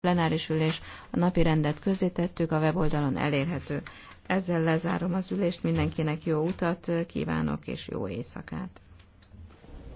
plenáris ülés a napi rendet közzétettük, a weboldalon elérhető. Ezzel lezárom az ülést, mindenkinek jó utat kívánok és jó éjszakát!